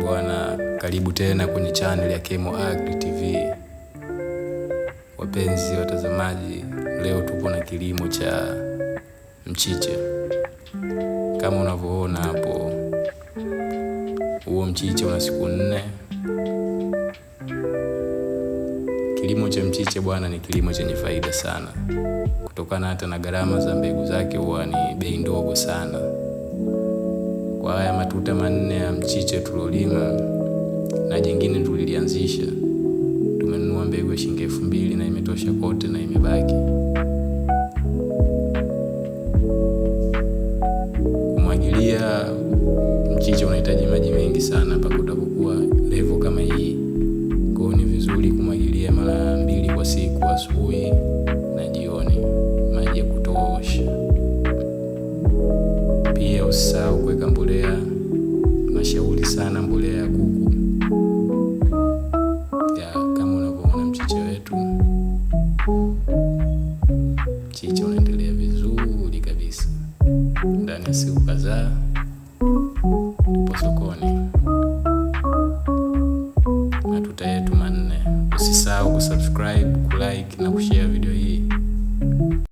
Bwana, karibu tena kwenye channel ya Kemo Agri TV. Wapenzi watazamaji, leo tupo na kilimo cha mchicha. Kama unavyoona hapo, huo mchicha una siku nne. Kilimo cha mchicha bwana, ni kilimo chenye faida sana, kutokana hata na gharama za mbegu zake huwa ni bei ndogo sana kwa haya matuta manne ya mchicha tulolima na jingine tulilianzisha. Tumenunua mbegu ya shilingi elfu mbili na imetosha kote na imebaki. Kumwagilia mchicha unahitaji maji mengi sana mpaka utakapokuwa level pia usisahau kuweka mbolea, mashauri sana mbolea ya kuku ya kama unavyoona mchicha wetu, mchicha unaendelea vizuri kabisa ndani ya siku kadhaa tupo sokoni na tutayetu manne. Usisahau kusubscribe, kulike na kushare video hii.